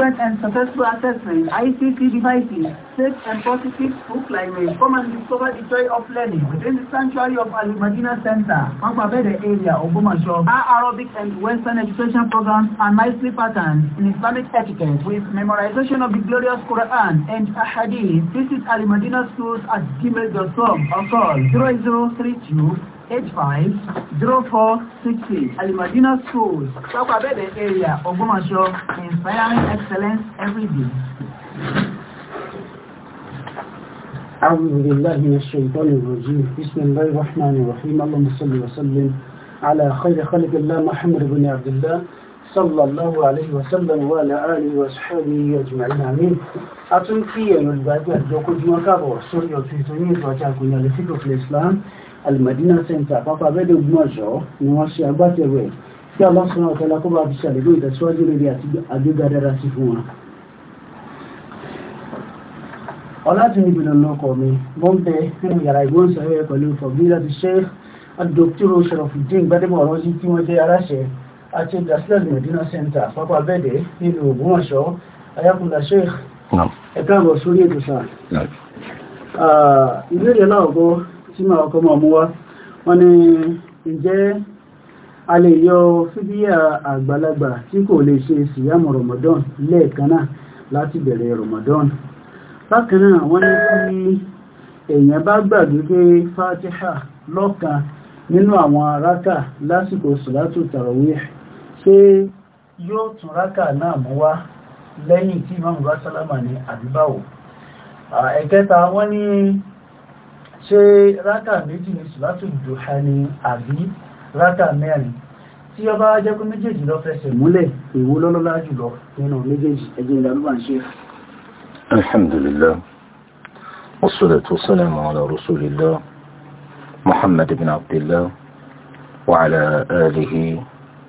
frequent and successful assessment, ICT devices, safe and positive school climate. Come and discover the joy of learning within the sanctuary of Ali Madina Center, Makwabede area, of Ogumasho. Our Arabic and Western education programs are nicely patterned in Islamic etiquette with memorization of the glorious Quran and Ahadith. Visit Ali Madina schools at gmail.com or call 0032 850468 Alimadina Schools, Papa Bebe area, Ogbomoso, inspiring excellence every day. أعوذ بالله من الشيطان الرجيم بسم الله الرحمن الرحيم اللهم صل وسلم على خير خلق الله محمد بن عبد الله صلى الله عليه وسلم وعلى آله وصحبه أجمعين آمين أتم في يوم البعض أجوكم جمعك وصول يوم في تنين وجاكم يالفكر في الإسلام al alimadina center àpapọ̀ abẹ́dẹ̀ ògbómọ̀ṣọ́ ni wọ́n ṣe agbátẹrù ẹ̀ tí aláṣọ ọ̀tọ́lá kó bá fi ṣàlẹ́gbẹ́ ìtẹ̀síwájú lórí àti àgbéga dára sí fún wọn. ọlátúnjì bìnnà lọkọ̀ mi wọ́n bẹ nínú yàrá ìgbóhùnsáfẹ́fẹ́ pẹ̀lú fọ̀bílà ti ṣe àdókítírò ṣọ̀rọ̀fùdín gbadébọ̀ ọ̀rọ̀ sí tí wọ́n jẹ́ aláṣẹ àti ìdásílẹ̀ ìmọ̀dínà center àpapọ̀ abẹ́dẹ̀ nínú ògbómọ̀ṣọ́ ayákùnlá sheikh ẹ̀ka àbọ̀ sórí ètò sáà ah, ìbéèrè láwùjọ tí máa ọkọ̀ mọ̀ mú wá wọ́n ní ǹjẹ́ a lè yọ fídíà àgbàlagbà tí kò lè ṣe síyàmù Ramadan lẹ́ẹ̀kan náà láti bẹ̀rẹ̀ Ramadan bákan wọ́n ní tí èèyàn bá gbàgbé pé Fatiha lọ́kan nínú àwọn rákà lásìkò sùlátù tarawih ṣé yóò tún rákà náà mú wá lẹ́yìn tí Imam bá sálámà ní àbíbáwò ẹ̀kẹta wọ́n ní ṣe rákà méjì ní sùlátù dùhà ni àbí rákà mẹ́rin tí ọba jẹ́ méjèèjì lọ fẹsẹ̀ múlẹ̀ èwo lọ́lọ́lá jùlọ nínú méjèèjì ẹjẹ́ ìdàlúwà ṣe alhamdulillah والصلاة والسلام على رسول الله محمد بن عبد الله وعلى آله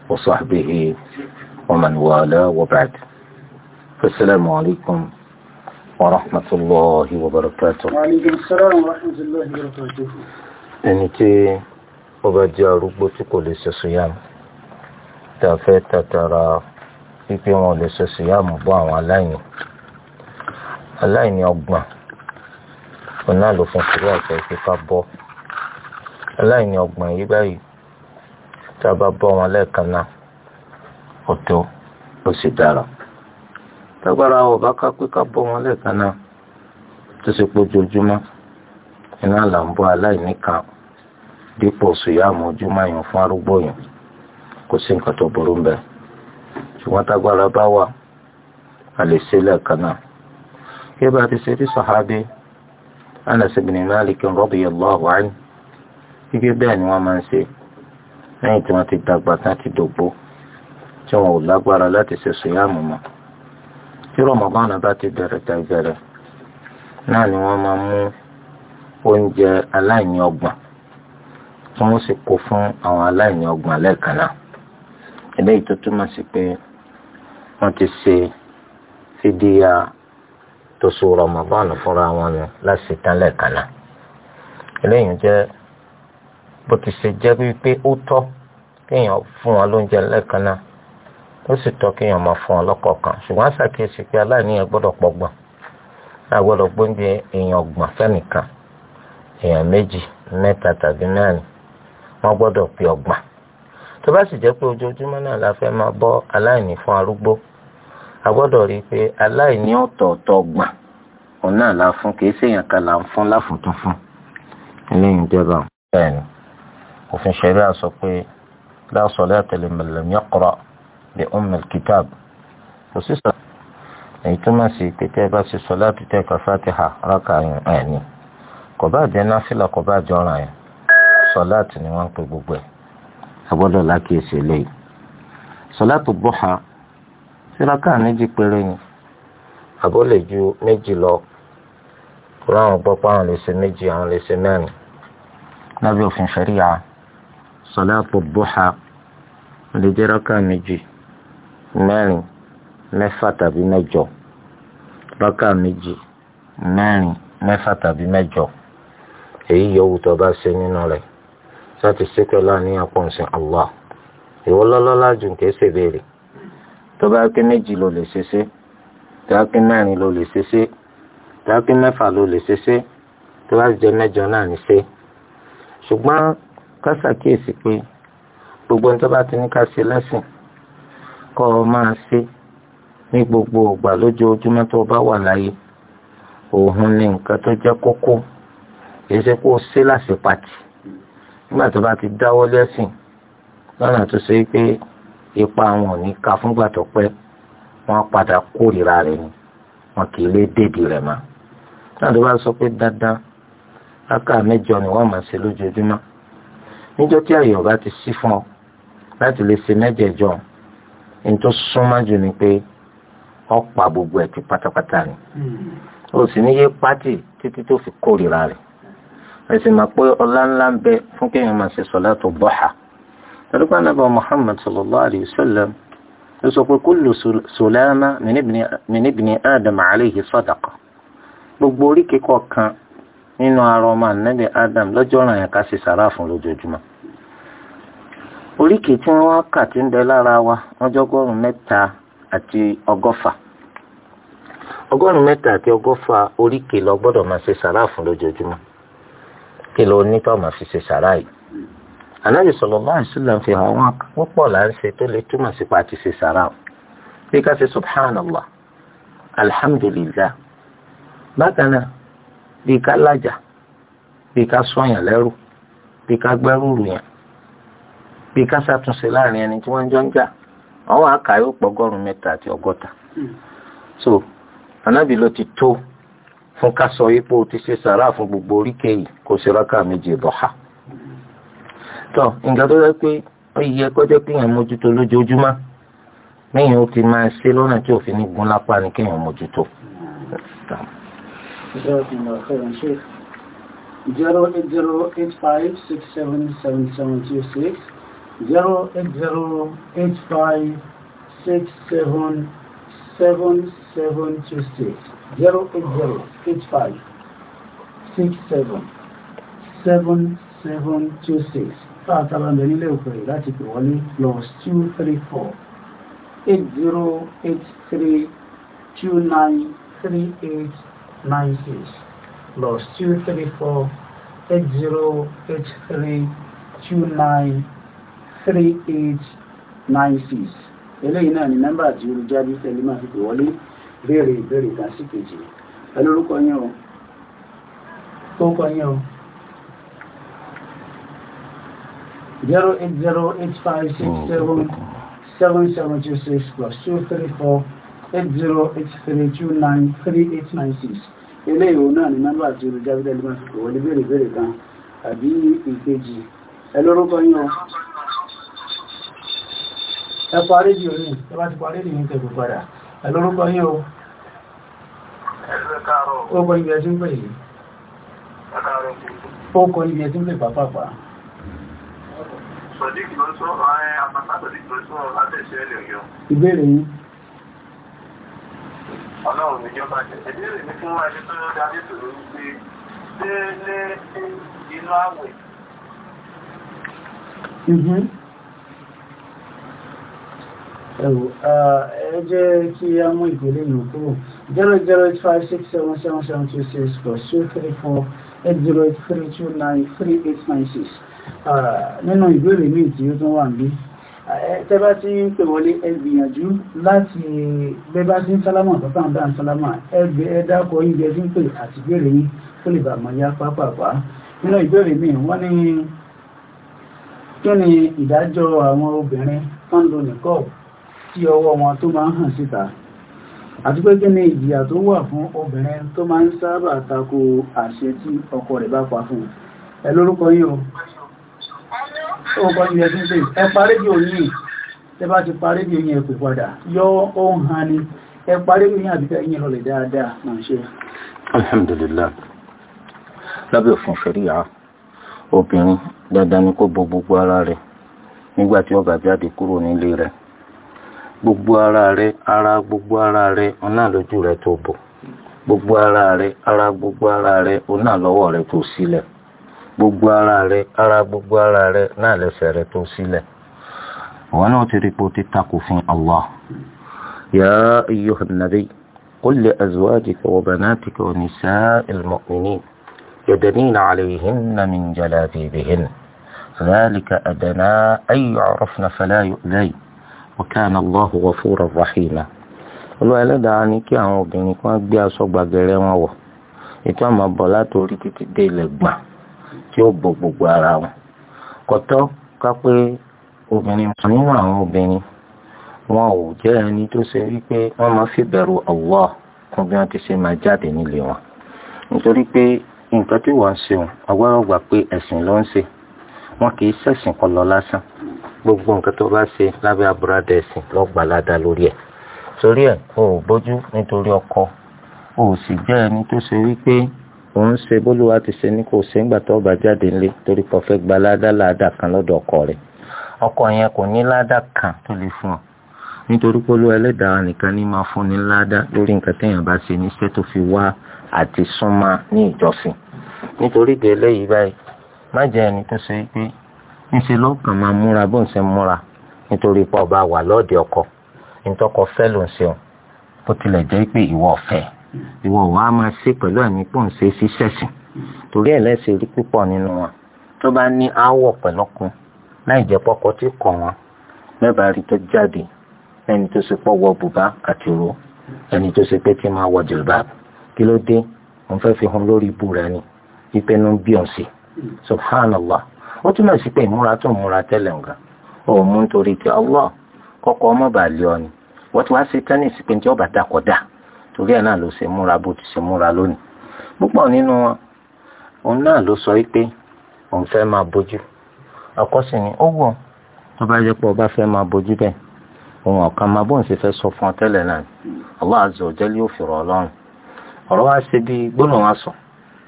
وصحبه ومن والاه وبعد فالسلام عليكم ورحمة الله وبركاته وعليكم السلام ورحمة الله وبركاته ẹni tí ó bá jẹ́ arúgbó tí kò lè ṣe ṣùyàmù tá a fẹ́ tagbara ọba ka pé ká bọ́ wọn lẹ́ẹ̀kan náà tó ṣe pé ojoojúmọ́ iná là ń bọ́ aláìníkan dípò sùyàmù ojúmọ́ yẹn fún arúgbó yẹn kò sí nǹkan tó burú a lè ṣe lẹ́ẹ̀kan náà kí bá ti ṣe rí sàhábé Anas ibn Malik radiyallahu ni máa ń ṣe ti dàgbà tán ti tí wọn ò lágbára láti tí rọmọbọ́nà bá ti bẹ̀rẹ̀ tẹ̀gbẹ̀rẹ̀ náà ni wọ́n máa mú oúnjẹ aláìní ọgbọ̀n tí wọ́n sì kó fún àwọn aláìní ọgbọ̀n lẹ́ẹ̀kan náà eléyìí tó túmọ̀ sí pé wọ́n ti ṣe fídíà tó so rọmọbọ́nà fúnra wọn ni láti tán lẹ́ẹ̀kan náà eléyìí bó ti ṣe wípé ó kéèyàn fún wọn lóúnjẹ náà. ó sì tọ́ kí máa fún ọ kan ṣùgbọ́n àṣàkíyèsí pé aláìníyàn gbọ́dọ̀ pọ̀gbọ̀n àgbọ́dọ̀ gbóúnjẹ èèyàn ọgbọ̀n fẹ́nìkan èèyàn méjì mẹ́ta tàbí mẹ́rin wọ́n gbọ́dọ̀ pé ọgbọ̀n tó bá sì jẹ́ pé ojoojúmọ́ náà la fẹ́ máa bọ́ aláìní fún arúgbó àgbọ́dọ̀ rí i pé aláìní ọ̀tọ̀ọ̀tọ̀ ọgbọ̀n òun bi ummil kitab kò sí sọ èyí túmọ̀ sí pé tẹ́ ẹ bá ṣe sọ láti tẹ́ ka fatiha rákà yẹn ẹ̀ ní kò bá jẹ́ náfìlà kò bá jọra yẹn sọ láti ni wọ́n ń pe gbogbo ẹ̀ agbọ́dọ̀ lákìyèsí eléyìí sọláàtù bọ́ha síraká méjì péré ni àbọ̀ lè ju méjì lọ ráwọn gbọ́ pé àwọn lè ṣe méjì àwọn lè ṣe mẹ́rin lábẹ́ òfin ṣẹ̀ríya sọláàtù bọ́ha lè jẹ́ ráká méjì mẹ́rin mẹ́fà tàbí mẹ́jọ rákà méjì mẹ́rin mẹ́fà tàbí mẹ́jọ èyí yòówù tó bá ṣe nínú rẹ̀ láti ṣe pẹ̀lú àníyàn pọ̀ allah ìwọ lọ́lọ́lá jù ń kéṣe béèrè tó bá pé méjì ló lè ṣe ṣe tó bá pé mẹ́rin ló lè ṣe ṣe tó bá pé mẹ́fà ló lè ṣe ṣe tó bá jẹ mẹ́jọ náà ní ṣe ṣùgbọ́n ká pé gbogbo ní tó bá ti ní ká ṣe lẹ́sìn kọ́ ọ máa ṣe ní gbogbo ìgbà lójoojúmọ́ tó bá wà láyé òun ni nǹkan tó jẹ́ kókó èsì kó ṣe láṣẹ pàtì nígbà tó bá ti dáwọ́ lẹ́sìn lọ́nà tó ṣe pé ipa àwọn ò ní ka fúngbà tó pẹ́ wọ́n padà kórìíra rẹ̀ ni wọn kì í lé dèdè rẹ̀ mọ́ náà tó bá sọ pé dandan láká mẹ́jọ ni wọ́n máa ṣe lójoojúmọ́ níjọ́ tí àyè ọ̀gá ti sí fún ọ láti lè ṣe mẹ́jẹ̀ẹ̀jọ ọ̀hún ní tó súnmọ́ jù ni pé ọ̀pá gbogbo ẹ̀ ti pátápátá ni o hmm. sì ní yé pátì títí tó fi kórìíra rẹ̀ ẹ sì máa pé ọlá ńlá ń bẹ fún kéèyàn máa ṣe sọlá tó bọ́hà tẹlifà nàbà Muhammad sallallahu alayhi wa sallam ló sọ pé kullu sulama min ibni Adam alayhi sadaqa gbogbo oríkèé kọ̀ọ̀kan nínú ara ọmọ ànábì Adam lọ́jọ́ ọ̀ràn yẹn ká ṣe sàrà fún lójoojúmọ́ oríkèé tí wọ́n kà tí ń bẹ lára wa wọ́n jọ́gọ́rùn mẹ́ta àti ọgọ́fà ọgọ́rùn mẹ́ta àti ọgọ́fà oríkèé lọ gbọ́dọ̀ máa ṣe sàrà fún lójoojúmọ́ kí ló ní tó máa fi ṣe sàrà yìí anábì sallallahu alaihi wasallam fi hàn wọn púpọ̀ là ń ṣe tó lè túmọ̀ sí pa àti ṣe sàrà o bí ká ṣe subhanallah alhamdulillah bákan náà bí ká lájà bí ká sọyàn lẹ́rù bí ká gbẹ́rù rù yàn bí ká ṣàtúnṣe láàrin ẹni tí wọ́n jọ ń jà àwọn àkà yóò pọ̀ ọgọ́rùn mẹ́ta àti ọgọ́ta so anábì ló ti tó fún ká sọ ipò ti ṣe sàrà fún gbogbo oríkèyí kò sí rákà méje dọ̀ha tó nǹkan tó yẹ pé ó yẹ kọjá pé èèyàn mójútó lójoojúmọ́ lẹ́yìn ó ti máa ṣe lọ́nà tí òfin ní gun lápá ni kéèyàn mójútó. zero eight zero eight five six seven seven seven two six. 08085677726 08085 677726 káàkiri àmì nílé òkèrè láti pè wọlé plus 234 8083 293896 plus three two nine three eight nine six eléyìí náà ni nọ́mbà àti olùjáde tẹ̀lé máa fi pè wọlé béèrè ìbéèrè kan sí kejì pẹ̀lú orúkọ yín o orúkọ yín o zero eight zero eight five six seven seven seven two six plus two three four eight zero eight three two nine three eight nine six eléyìí náà ni nọ́mbà àti olùjáde tẹ̀lé máa fi pè wọlé béèrè ìbéèrè kan àbí ìkejì ẹ lórúkọ yín ẹ̀fọ́ rédíò yìí ẹ bá ti pa rédíò yìí tẹ̀gbọ̀ padà ẹ lórúkọ yìí o. ó kọ ibi ẹtí ń pè yìí. ó kọ ibi ẹtí ń pè pàápàá. sọ̀díkì ló sọ àpàtà sọ̀díkì ló sọ látẹ̀sẹ̀ ẹ̀lẹ̀ yọ. ìbéèrè yìí. ọlọ́run ní jọba jẹ ìbéèrè ní fún ẹni tó dá nítorí wípé ṣé ní inú àwẹ̀. Mhm ẹ̀wò ẹ jẹ́ kí a mú ìpele yìí kúrò zero zero eight five six seven seven seven two six plus two three four eight zero eight three two nine three eight nine six nínú ìbéèrè míì tí ó tún wà níbí tẹ́bá tí ń pè wọlé ẹ gbìyànjú láti bẹ́bá sí sálámà pàpà ń dá sálámà ẹgbẹ́ ẹ̀dákọ̀ oúnjẹ tí ń pè àti ìbéèrè yìí tó lè bàmọ̀ ya pápápá nínú ìbéèrè míì wọ́n ní kí ni ìdájọ́ àwọn obìnrin tó ń lo nìkọ́ọ̀bù tí ọwọ́ wọn tó máa ń hàn síta àti pé kí ni ìjìyà tó wà fún obìnrin tó máa ń sábà tako àṣẹ tí ọkọ rẹ̀ bá pa fún ẹ lórúkọ yín ni ẹ parí bí oyin àbíkẹ́ alhamdulillah lábẹ́ òfin ṣẹ̀ríà obìnrin dandan ni kó bo gbogbo ara rẹ̀ nígbà tí ó kúrò nílé rẹ̀ gbogbo ara rẹ ara gbogbo ara rẹ ọ̀nà lójú rẹ tó bọ̀ gbogbo ara rẹ ara gbogbo ara rẹ ọ̀nà lọ́wọ́ rẹ tó sílẹ̀ gbogbo ara rẹ ara gbogbo ara rẹ náà lẹ́sẹ̀ rẹ tó sílẹ̀ wọn náà ti rí po takò fún Allah ya ayyuhan nabi qul li azwajika wa banatika wa nisa'il mu'minin يدنين عليهن من جلابيبهن ذلك أدنى أن يعرفن فلا يؤذين wa kana Allahu ghafura rahima olúwa ẹlẹ́dàá ní kí àwọn obìnrin kan gbé aṣọ gbàgẹ̀rẹ̀ wọn wọ̀ ètò àmọ́ bọ̀ láti orí títí dé ilẹ̀ gbà tí ó bò gbogbo ara wọn kọ́tọ́ ká pé obìnrin mùsùlùmí àwọn obìnrin wọn ò jẹ́ ẹni tó ṣe wípé wọ́n máa fi bẹ̀rù Allah kún bí wọ́n ti ṣe máa jáde nílé wọn nítorí pé nǹkan tí wọ́n ń ṣe wọn agbára gbà pé ẹ̀sìn ló ń ṣe wọn kì í ṣẹ̀sìn kọ́ lọ lásán gbogbo nǹkan tó bá ṣe lábẹ́ àbúradà ẹ̀sìn lọ́gbà ládàá lórí ẹ̀ torí ẹ̀ o ò bójú nítorí ọkọ o ò sì jẹ́ ẹni tó ṣe wípé ò ń ṣe bólúwa ti ṣe ní kò ṣe ń gbà tó bá jáde ńlé torí kò fẹ́ gba ládàá ládàá kan lọ́dọ̀ ọkọ rẹ̀ ọkọ yẹn kò ní ládàá kan tó lè fún ọ nítorí pé ẹlẹ́dàá nìkan ní máa fún ni ládàá lórí nǹkan téèyàn bá ṣe níṣẹ́ tó fi wá àti súnmọ́ ní ìjọsìn nítorí ìdí eléyìí báyìí má jẹ́ ẹni tó ṣe pé níṣẹ́ ló kàn máa múra bó ń ṣe múra nítorí pé ọba wà lọ́ọ̀dẹ ọkọ nítọ́kọ fẹ́ ló ń ṣeun bó tilẹ̀ jẹ́ pé ìwọ ọ̀fẹ́ ìwọ wàá máa ṣe pẹ̀lú ẹ̀mí pọ̀ ń ṣe ṣíṣẹ̀sìn torí ẹ̀ lẹ́sẹ̀ rí púpọ̀ nínú wọn tó bá ní áwọ̀ pẹ̀lọ́kun láì jẹ́ pọ́kọ tí kọ̀ wọn mẹ́bàá rí tó jáde ẹni tó ṣe pọ́ wọ bùbá àti ro ẹni tó ṣe pé tí máa wọ jìlbáàbù kí ló dé òun fẹ́ fi hun lórí ibu rẹ̀ ni ìpinnu bí òun subhanallah ó túmọ̀ sí pé ìmúra tó múra tẹ́lẹ̀ nǹkan ó mú pé kọ́kọ́ ọmọ bá ọ ni wọ́n ti wá ṣe tán ní ìsìnkú tí ọba dà kọ́dà torí ẹ̀ náà ló ṣe múra bó ti ṣe múra lónìí púpọ̀ nínú wọn òun náà ló sọ pé òun fẹ́ máa bójú ni ó wọ tó bá fẹ́ máa bójú bẹ́ẹ̀ òun ọ̀kan máa bóun ṣe fẹ́ sọ fún ọ tẹ́lẹ̀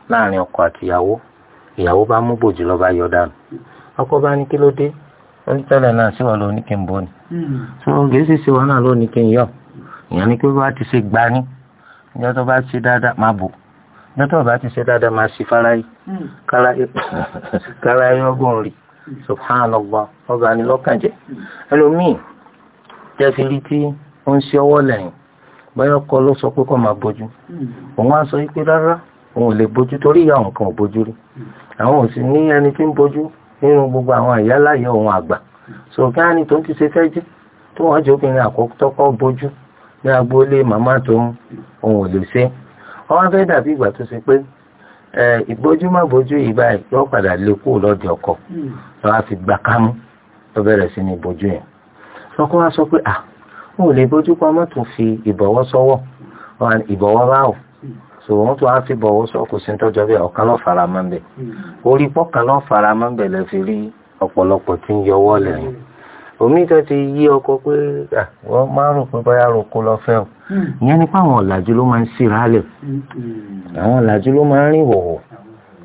náà ìyàwó bá mú bòjú lọ́ba yọ dànù ọkọ bá ní kí ló dé wọ́n ní tẹ́lẹ̀ náà sí wọn ló ní kí n bọ́ ni tí wọ́n gèésì sí wọn náà ló ní kí n yọ ìyẹn ni pé bá ti ṣe gba ìjọ tó bá ti dáadáa máa bò ìjọ tó bá ti ṣe dáadáa máa ṣe fáráyé káráyé ọgbọ̀n rì subhanallah ọba ni lọ́kàn jẹ́ ẹlòmíì jẹ́ fi rí tí ó ń ṣe ọwọ́ lẹ́yìn báyọ̀ kọ́ ló sọ pé kọ́ máa bójú òun á sọ pé rárá wọn ò lè bójú torí ìyá àwọn kan bójú rí àwọn òsì ní ẹni tí ń bójú nínú gbogbo àwọn ìyá láyé òun àgbà so kí á ní tó ti ṣe fẹ́ jẹ́ tó wọ́n jẹ́ obìnrin àkọ́kọ́ bójú ní agboolé màmá tó ń òun ò lè ṣe ọwọ́n fẹ́ dàbí ìgbà tó ṣe pé ìbójú má bójú ìgbà yóò padà lè kú lọ́dẹ ọkọ lọ́wọ́ fi gbà kámú ló bẹ̀rẹ̀ sí ní bójú yẹn lọ́kọ́ wá sọ pé à wọn ò lè bójú pamọ́ tó fi ìbọ̀wọ́ sọ́wọ́ ìbọ̀wọ́ báwò so wọn tún á fi bọ̀wọ́ sọ kò sí ní tọ́jọ́ bẹ́ẹ̀ ọ̀kan lọ́ọ́ fara mọ́ bẹ́ẹ̀ hmm. orí pọ́kàn lọ́ọ́ fara mọ́ bẹ́ẹ̀ lẹ́ fi rí ọ̀pọ̀lọpọ̀ tí ń yọwọ́ lẹ́yìn omi tó ti yí ọkọ pé wọ́n máa rò pé báyà roko lọ fẹ́ o hmm. ìyẹn nípa àwọn ọ̀làjú ló máa ń síra lẹ̀ hmm. àwọn ọ̀làjú ló máa ń rìn wọ̀wọ̀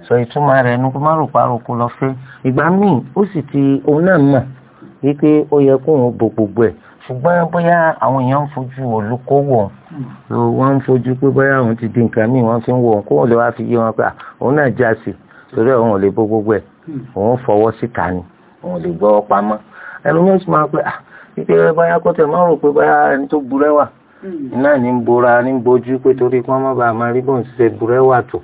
sọ ìtumọ̀ rẹ̀ ẹnu kó má rò pa roko lọ fẹ́ ìgbà míì ó sì ti òun náà mọ̀ wípé ó yẹ kóun bo gbogbo ẹ̀ ṣùgbọ́n bóyá àwọn èèyàn ń fojú olùkówó hmm. wọ́n ń fojú pé bóyá òun ti di nǹkan míì wọ́n fi ń wọ̀ kó wọ́n lè wá fi yé wọn pé òun náà já torí òun ò lè bó gbogbo ẹ̀ hmm. òun fọwọ́ síta ni òun lè gbọ́ pamọ́ ẹlòmíràn sì máa pé pípé bóyá kó máa rò pé bóyá ẹni tó burẹ́wà hmm. náà ní ń bora ní ń bojú pé torí kí wọ́n má bàa máa rí bóun ṣe burẹ́wà tó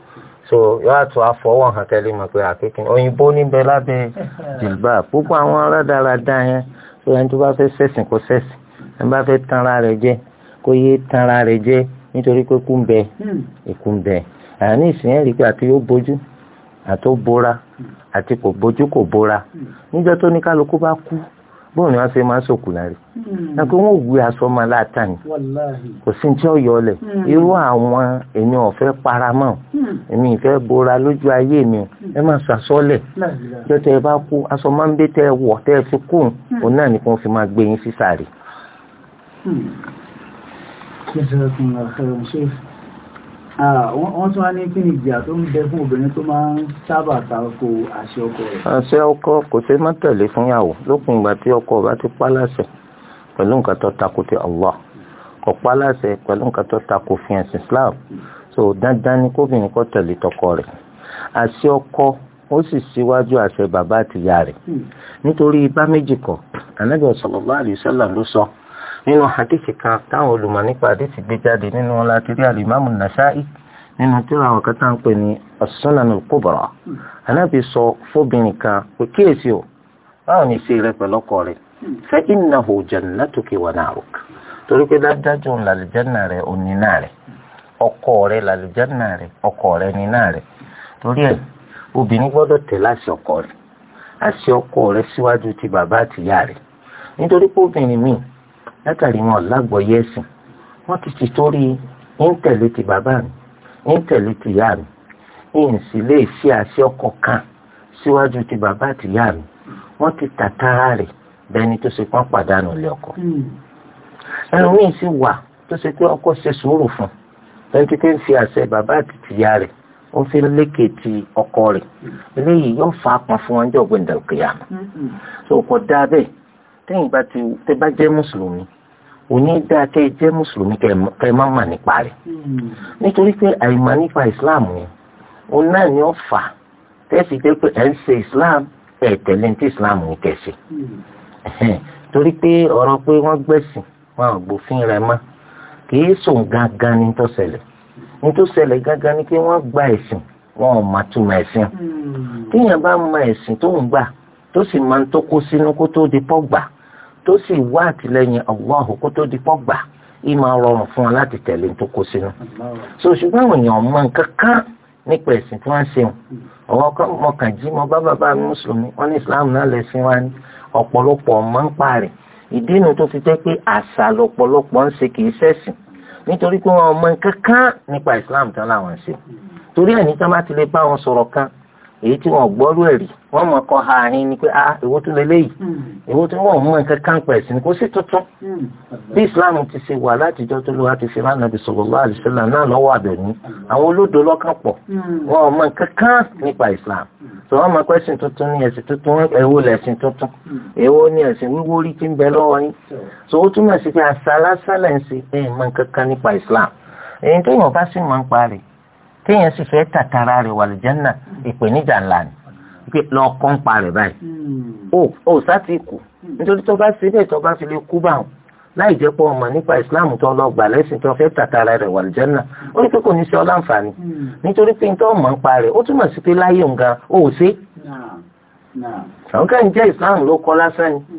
so yóò àtò àfọwọ́ hàn tẹ́lẹ̀ mọ̀ pé àkékin òyìnbó níbẹ̀ lábẹ́ jìlbà púpọ̀ àwọn aládàáradá yẹn so ẹni tó bá fẹ́ sẹ̀sìn kó sẹ̀sìn ẹni bá fẹ́ tanra rẹ̀ jẹ kó yé tanra rẹ̀ jẹ nítorí pé kú ń bẹ hmm. ikú ń bẹ àní ìsìn ẹ̀rí pé àti yóò bójú àti ó bóra àti kò bójú kò bóra hmm. níjọ́ tó ní kálukú bá kú bóun ni wọ́n ṣe máa ń sòkù láre hmm. ẹgbẹ́ wọn ò gbé aṣọ máa láta ni kò sí ní tí ó yọlẹ̀ hmm. irú àwọn èmi ò fẹ́ paramọ́ hmm. èmi ìfẹ́ bora lójú ayé mi ẹ máa sọ àsọlẹ̀ jọ́tẹ̀ ẹ bá kú aṣọ máa ń bẹ́ tẹ́ wọ̀ tẹ́ fi kú òun náà ni kò fi máa gbé yín sísàrè. Ah, wọ́n tún wá ní kí ni ìjìyà tó ń bẹ fún obìnrin tó máa ń sábà tako àṣẹ ọkọ rẹ̀. àṣẹ ọkọ kò ṣe má tẹ̀lé fúnyàwó lópin ìgbà tí ọkọ bá ti pa láṣẹ pẹ̀lú nǹkan tó tako ti Allah kò pa láṣẹ pẹ̀lú nǹkan tó tako fi ẹ̀sìn Islam so dandan ni kóbìnrin kó tẹ̀lé tọkọ rẹ̀ àṣẹ ọkọ ó sì síwájú àṣẹ bàbá àtìyá rẹ̀ hmm. nítorí bá méjì kọ sallallahu alaihi wasallam ló nínú hadith kan táwọn olùmọ̀ nípa hadith gbé jáde nínú wọn láti rí alimami nasa'i nínú tíra àwọn kan tá ń pè ní as-sunanul kubra anábì sọ fóbìnrin kan pé kíyèsí o báwo ni ṣe rẹ pẹ̀lú ọkọ rẹ fa innahu jannatuki wa naruk torí pé dájúdájú làlìjánà rẹ òní náà rẹ ọkọ rẹ làlìjánà rẹ ọkọ rẹ ní náà rẹ torí ẹ obìnrin gbọ́dọ̀ tẹ̀lé àṣẹ ọkọ rẹ àṣẹ ọkọ rẹ síwájú ti bàbá àtìyá rẹ nítorí pé obìnrin míì látàrí wọn lágbọ̀ọ́yé ẹ̀sìn wọ́n ti ti torí ń tẹ̀lé ti bàbá mi ń tẹ̀lé ti ìyá mi ń sì lè ṣe àṣẹ ọkọ̀ kan síwájú ti bàbá àti ìyá mi wọ́n ti tàtàrà rẹ̀ bẹ́ni tó ṣe pọ́n pàdánù ilé ọkọ. Hmm. ẹlòmíín sì wà tó ṣe pé ọkọ ṣe sùúrù fún ẹni títí ń fi àṣẹ bàbá àti ìyá rẹ̀ ó fi lékè ti ọkọ rẹ̀ eléyìí yóò fa apọn fún wọn jọ̀gbìn dàgbìyà. tó kọ́ dáa bẹ́ẹ̀ tẹ́yìn bá jẹ́ mùsùlùmí òní dáa kẹ́ ẹ jẹ́ mùsùlùmí kẹ́ ẹ má mà nípa rẹ̀ nítorí pé àìmọ̀ nípa islam yẹn òun náà ni ó fà tẹ́sí pé pé ẹ̀ ń ṣe islam ẹ̀ tẹ̀lé ní ti islam ní kẹ̀sì torí pé ọ̀rọ̀ pé wọ́n gbẹ̀sìn wọn ò gbòfin rẹ̀ mọ́ kìí sùn gangan ní tó ṣẹlẹ̀ ní tó ṣẹlẹ̀ gangan ni pé wọ́n gba ẹ̀sìn wọn ò má túmọ̀ ẹ̀sìn hmm. tíyẹn bá mọ ẹ̀sìn tó ń gbà tó sì máa ń tó kó sínú kó tó di pọ́ gbà tó sì wá àtìlẹ́yìn Allah kó tó di pọ́ gbà yìí máa rọrùn fún wọn láti tẹ̀lé tó kó sínú. so ṣùgbọ́n àwọn èèyàn mọ nǹkan kan nípa ẹ̀sìn tí wọ́n ń ṣeun ọ̀wọ́ mọ̀kàn jí mọ bá bàbá mi mùsùlùmí wọ́n ní Islam náà lẹ́sìn wa ní ọ̀pọ̀lọpọ̀ ọmọ ń parẹ́ ìdínú tó fi jẹ́ pé àṣà lọ́pọ̀lọpọ̀ ń ṣe kìí ṣẹ̀sìn nítorí pé wọn mọ nǹkan kan nípa Islam tán làwọn ń ṣe torí ẹ̀ ní èyí tí wọn gbọ́rú ẹ̀rí wọn mọ̀ kọ́ ha ní ni pé ah èwo tún lélẹ́yìí hmm. èwo tún wọn mọ̀ nǹkan kan pẹ̀sì ni kò sí tuntun hmm. bí Islam ti ṣe wà látijọ́ tó lọ́wọ́ ti fi ránàbì sallallahu alaihi wasallam náà lọ́wọ́ àbẹ̀ní àwọn olódò lọ́kàn pọ̀ hmm. wọn mọ̀ nǹkan kan nípa Islam tó wọn mọ̀ pẹ́sìn tuntun ní ẹ̀sìn tuntun èwo lẹ̀sìn tuntun èwo ní ẹ̀sìn wíwó rí ti ń bẹ lọ́wọ́ yín tó ó túmọ̀ sí pé àṣà lásán lẹ́sìn pé mọ̀ nǹkan Islam èyí tó yàn bá sì mọ̀ ń parí téèyàn sì fẹ́ tàtàrà rẹ̀ wà lìjánà ìpèníjà ńlá ni pé lọ kọ́ ń pa rẹ̀ báyìí ó ó sátì kù nítorí tó bá ṣe bẹ́ẹ̀ tó bá fi lè kú bá wọn láì jẹ́ pọ́ ọmọ nípa islam tó lọ gbà lẹ́sìn tó fẹ́ tàtàrà rẹ̀ wà lìjánà ó rí pé kò ní ṣe ọ́ láǹfààní hmm. nítorí pé nítorí ọmọ ń pa rẹ̀ ó túmọ̀ sí pé láyé òǹga ó ò ṣe. àwọn kan jẹ́ islam ló kọ́ lásán ni. Hmm.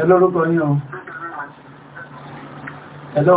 ẹ lórúkọ ní o. Hello.